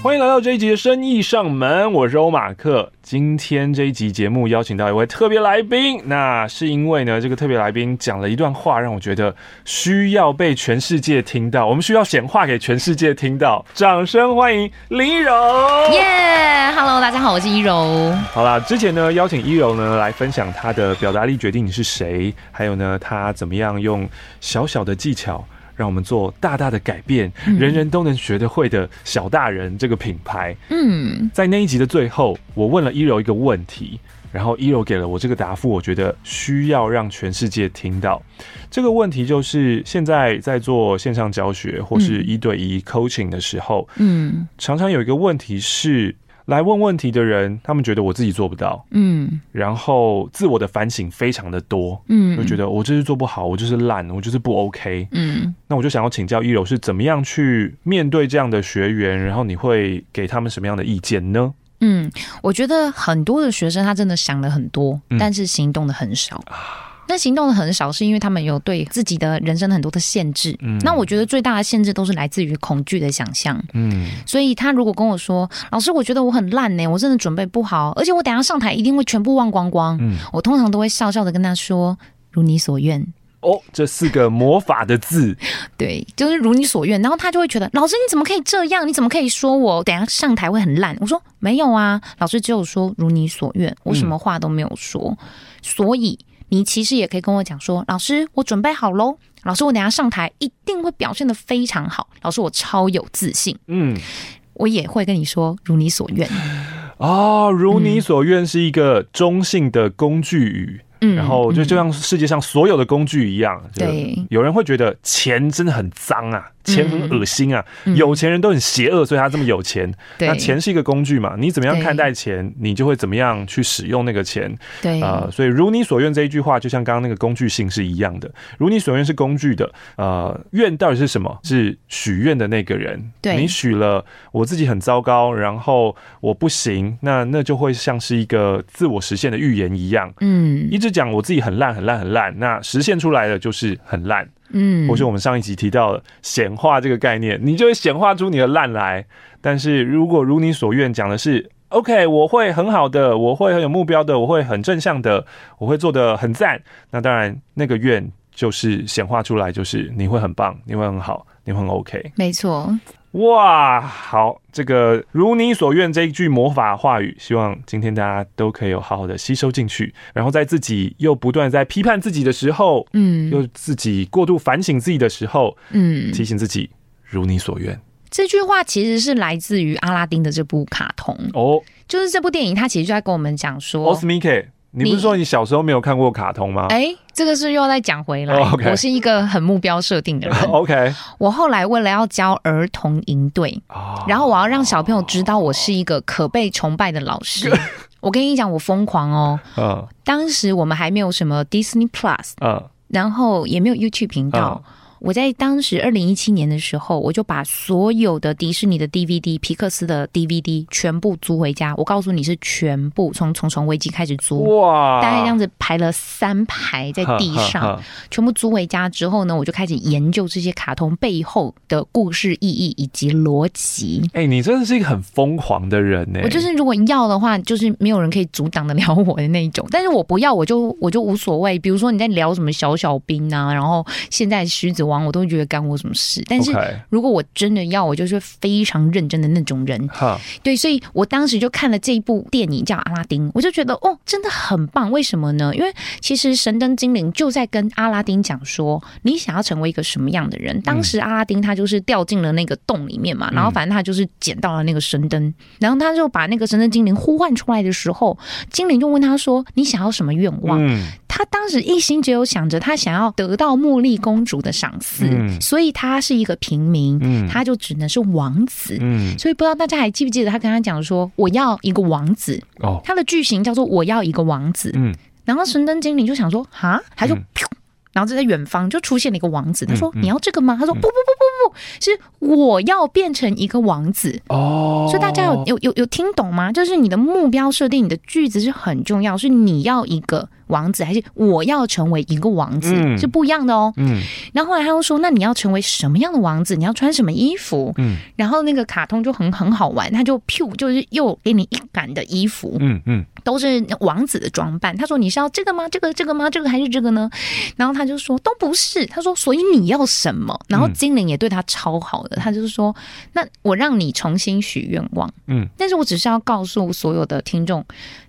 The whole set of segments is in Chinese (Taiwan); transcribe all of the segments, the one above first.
歡迎來到這一集的生意上門，我是歐馬克。今天這一集節目邀請到一位特別來賓，那是因為呢，這個特別來賓講了一段話，讓我覺得需要被全世界聽到，我們需要顯化給全世界聽到。掌聲歡迎林依柔！耶、yeah，Hello，大家好，我是依柔。好啦，之前呢邀請依柔呢來分享她的表達力決定你是誰，還有呢她怎麼樣用小小的技巧。讓我們做大大的改變，人人都能學得會的小大人這個品牌。嗯，在那一集的最後，我問了依柔一個問題，然後依柔給了我這個答覆我覺得需要讓全世界聽到。這個問題就是：現在在做線上教學或是一對一 coaching 的時候，嗯，常常有一個問題是。來問問題的人，他們覺得我自己做不到，嗯，然後自我的反省非常的多，嗯，就覺得我就是做不好，我就是爛，我就是不 OK，嗯，那我就想要請教依柔是怎麼樣去面對這樣的學員，然後你會給他們什麼樣的意見呢？嗯，我覺得很多的學生他真的想的很多，但是行動的很少啊。嗯那行動的很少，是因為他們有對自己的人生很多的限制。嗯，那我覺得最大的限制都是來自於恐懼的想象。嗯，所以他如果跟我說：“老師，我覺得我很爛呢、欸，我真的準備不好，而且我等下上台一定會全部忘光光。”嗯，我通常都會笑笑的跟他說：“如你所願。”哦，這四個魔法的字， 對，就是如你所願。然後他就會覺得：“老師，你怎麼可以這樣？你怎麼可以說我等下上台會很爛？”我說：“沒有啊，老師只有說如你所願，我什麼話都沒有說。嗯”所以。你其實也可以跟我講說，老師，我準備好嘍。老師，我等下上台一定會表現得非常好。老師，我超有自信。嗯，我也會跟你說，如你所願。啊、哦，如你所願是一個中性的工具語，嗯、然後就就像世界上所有的工具一樣。對、嗯嗯，有人會覺得錢真的很髒啊。錢很噁心啊！有錢人都很邪惡，所以他這麼有錢。那錢是一個工具嘛？你怎麼樣看待錢，你就會怎麼樣去使用那個錢。對啊，所以如你所願這一句話，就像剛剛那個工具性是一樣的。如你所願是工具的，呃，願到底是什麼？是許願的那個人。對，你許了我自己很糟糕，然後我不行，那那就會像是一個自我實現的預言一樣。嗯，一直講我自己很爛，很爛，很爛，那實現出來的就是很爛。嗯，或是我們上一集提到的顯化這個概念，你就會顯化出你的爛來。但是如果如你所願，講的是 OK，我會很好的，我會很有目標的，我會很正向的，我會做得很讚。那當然，那個願就是顯化出來，就是你會很棒，你會很好，你會很 OK。沒錯。哇，好，這個如你所願這一句魔法話語，希望今天大家都可以有好好的吸收進去，然後在自己又不斷在批判自己的時候，嗯，又自己過度反省自己的時候，嗯，提醒自己，嗯，如你所願。這句話其實是來自於阿拉丁的這部卡通哦，oh, 就是這部電影，它其實就在跟我們講說。你不是說你小時候沒有看過卡通嗎？哎，這個是又要再講回來。Oh, okay. 我是一個很目標設定的人。Oh, OK，我後來為了要教兒童營隊，oh, 然後我要讓小朋友知道我是一個可被崇拜的老師。Oh, oh, oh. 我跟你講，我瘋狂哦。Oh. 當時我們還沒有什麼 Disney Plus，oh. 然後也沒有 YouTube 頻道。Oh. Oh. 我在當時二零一七年的時候，我就把所有的迪士尼的 DVD、皮克斯的 DVD 全部租回家。我告訴你是全部從《蟲蟲危機》開始租，哇，大概這樣子排了三排在地上，呵呵呵全部租回家之後呢，我就開始研究這些卡通背後的故事意義以及邏輯。哎、欸，你真的是一個很瘋狂的人呢、欸！我就是如果要的話，就是沒有人可以阻擋得了我的那一種。但是我不要，我就我就無所謂。比如說你在聊什麼小小兵啊，然後現在獅子王我都覺得干我什麼事，但是如果我真的要我，就是會非常認真的那種人。Okay. 對，所以我當時就看了這一部電影叫《阿拉丁》，我就覺得哦，真的很棒。為什麼呢？因為其實神燈精靈就在跟阿拉丁講說，你想要成為一個什麼樣的人。當時阿拉丁他就是掉進了那個洞裡面嘛，嗯、然後反正他就是撿到了那個神燈，然後他就把那個神燈精靈呼喚出來的時候，精靈就問他說：“你想要什麼願望？”嗯他當時一心只有想着他想要得到茉莉公主的賞賜，嗯、所以他是一個平民，嗯、他就只能是王子。嗯、所以不知道大家還記不記得他跟他講說，我要一個王子。哦，他的句型叫做我要一個王子。嗯、然後神燈精靈就想說啊，他就，嗯、然後就在遠方就出現了一個王子，嗯、他說、嗯、你要這個嗎？他說、嗯、不不不不，不。不，是我要變成一個王子哦，所以大家有有有有聽懂嗎？就是你的目標設定，你的句子是很重要。是你要一個王子，還是我要成為一個王子？嗯，是不一樣的哦、喔。嗯，然後後來他又說，那你要成為什麼樣的王子？你要穿什麼衣服？嗯，然後那個卡通就很很好玩，他就 P，就是又給你一桿的衣服。嗯嗯。嗯都是王子的裝扮。他說：“你是要這個嗎？這個、這個嗎？這個還是這個呢？”然後他就說：“都不是。”他說：“所以你要什麼？”然後精靈也對他超好的。嗯、他就是說：“那我讓你重新許願望。”嗯，但是我只是要告訴所有的聽眾。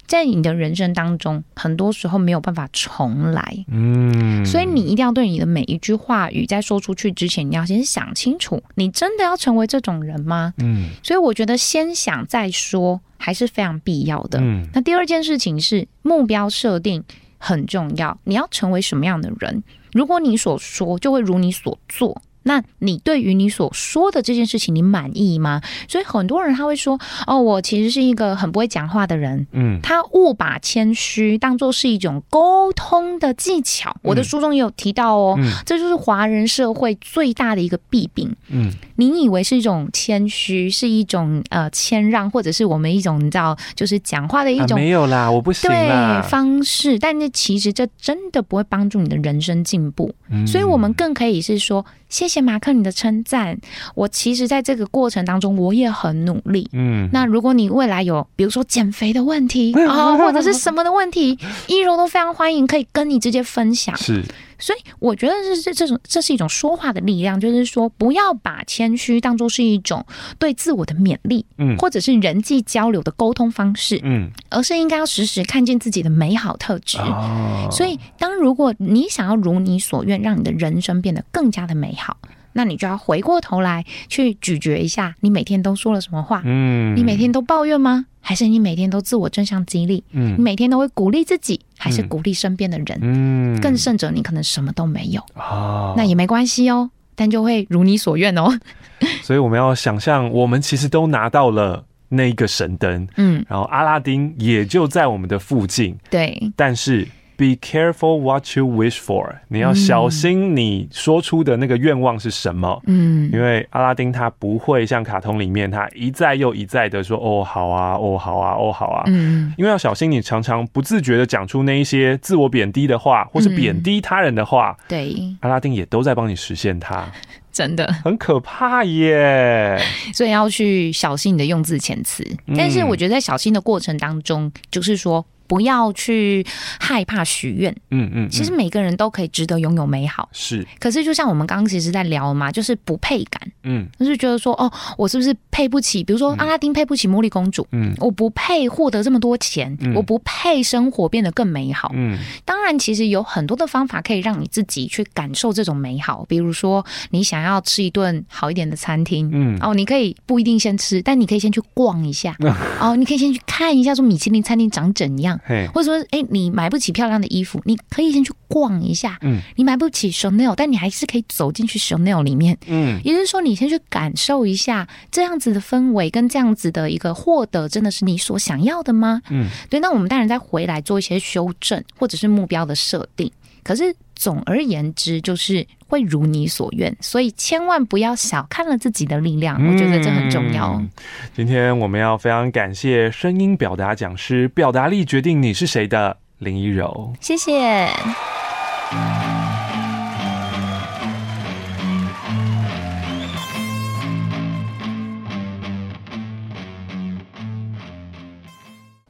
在你的人生當中，很多時候沒有辦法重來，嗯，所以你一定要對你的每一句話語在說出去之前，你要先想清楚，你真的要成為這種人嗎？嗯，所以我覺得先想再說還是非常必要的。嗯，那第二件事情是目標設定很重要，你要成為什麼樣的人？如果你所說就會如你所做。那你對於你所說的這件事情，你滿意嗎？所以很多人他會說：“哦，我其實是一個很不會講話的人。”嗯，他誤把謙虛當做是一種溝通的技巧。我的書中也有提到哦，嗯、這就是華人社會最大的一個弊病。嗯。嗯你以為是一種謙虛，是一種呃謙讓，或者是我們一種叫就是講話的一種、啊、沒有啦，我不行。對方式，但是其實這真的不會幫助你的人生進步。嗯、所以我們更可以是說，謝謝馬克你的稱讚。我其實在這個過程當中，我也很努力。嗯，那如果你未來有比如說減肥的問題啊、 哦，或者是什麼的問題，依柔都非常歡迎，可以跟你直接分享。是。所以我覺得是這這種，這是一種說話的力量，就是說不要把謙虛當作是一種對自我的勉勵，嗯，或者是人際交流的溝通方式，嗯，而是應該要時時看見自己的美好特質。哦，所以，當如果你想要如你所願，讓你的人生變得更加的美好。那你就要回過頭來去咀嚼一下，你每天都說了什麼話？嗯，你每天都抱怨嗎？還是你每天都自我正向激勵？嗯，你每天都會鼓勵自己，還是鼓勵身邊的人？嗯，嗯，更甚者，你可能什麼都沒有、哦、那也沒關係哦、喔，但就會如你所願哦、喔。 所以我們要想象，我們其實都拿到了那一個神燈，嗯，然後阿拉丁也就在我們的附近，對，但是。Be careful what you wish for。你要小心你說出的那個願望是什麼。嗯，嗯，因為阿拉丁他不會像卡通裡面他一再又一再的說哦好啊，哦好啊，哦好啊。哦好啊哦、好啊嗯，因為要小心你常常不自覺的講出那一些自我貶低的話，或是貶低他人的話。嗯、對，阿拉丁也都在幫你實現他。真的，很可怕耶。所以要去小心你的用字遣詞。嗯、但是我覺得在小心的過程當中，就是說。不要去害怕許願，嗯嗯，其實每個人都可以值得擁有美好，是。可是就像我們剛剛其實在聊嘛，就是不配感，嗯，就是覺得說，哦，我是不是配不起？比如說阿拉丁配不起茉莉公主，嗯，我不配獲得這麼多錢，嗯、我不配生活變得更美好，嗯。當然，其實有很多的方法可以讓你自己去感受這種美好，比如說你想要吃一頓好一點的餐廳，嗯，哦，你可以不一定先吃，但你可以先去逛一下， 哦，你可以先去看一下說米其林餐廳長怎樣。嘿，或者說，哎、欸，你買不起漂亮的衣服，你可以先去逛一下。嗯，你買不起 Chanel，但你還是可以走進去 Chanel 裡面。嗯，也就是說，你先去感受一下這樣子的氛圍，跟這樣子的一個獲得，真的是你所想要的嗎？嗯，對。那我們當然再回來做一些修正，或者是目標的設定。可是，總而言之，就是會如你所願，所以千萬不要小看了自己的力量，我覺得這很重要哦。嗯，今天我們要非常感謝聲音表達講師“表達力決定你是誰”的林依柔，謝謝。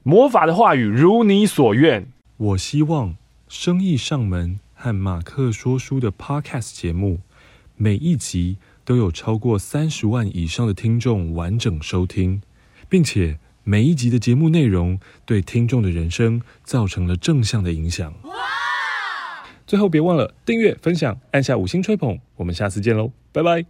魔法的話語如你所願，我希望。生意上門和馬克說書的 Podcast 節目，每一集都有超過三十萬以上的聽眾完整收聽，並且每一集的節目內容對聽眾的人生造成了正向的影響。哇最後別忘了訂閱、分享、按下五星吹捧，我們下次見嘍，拜拜。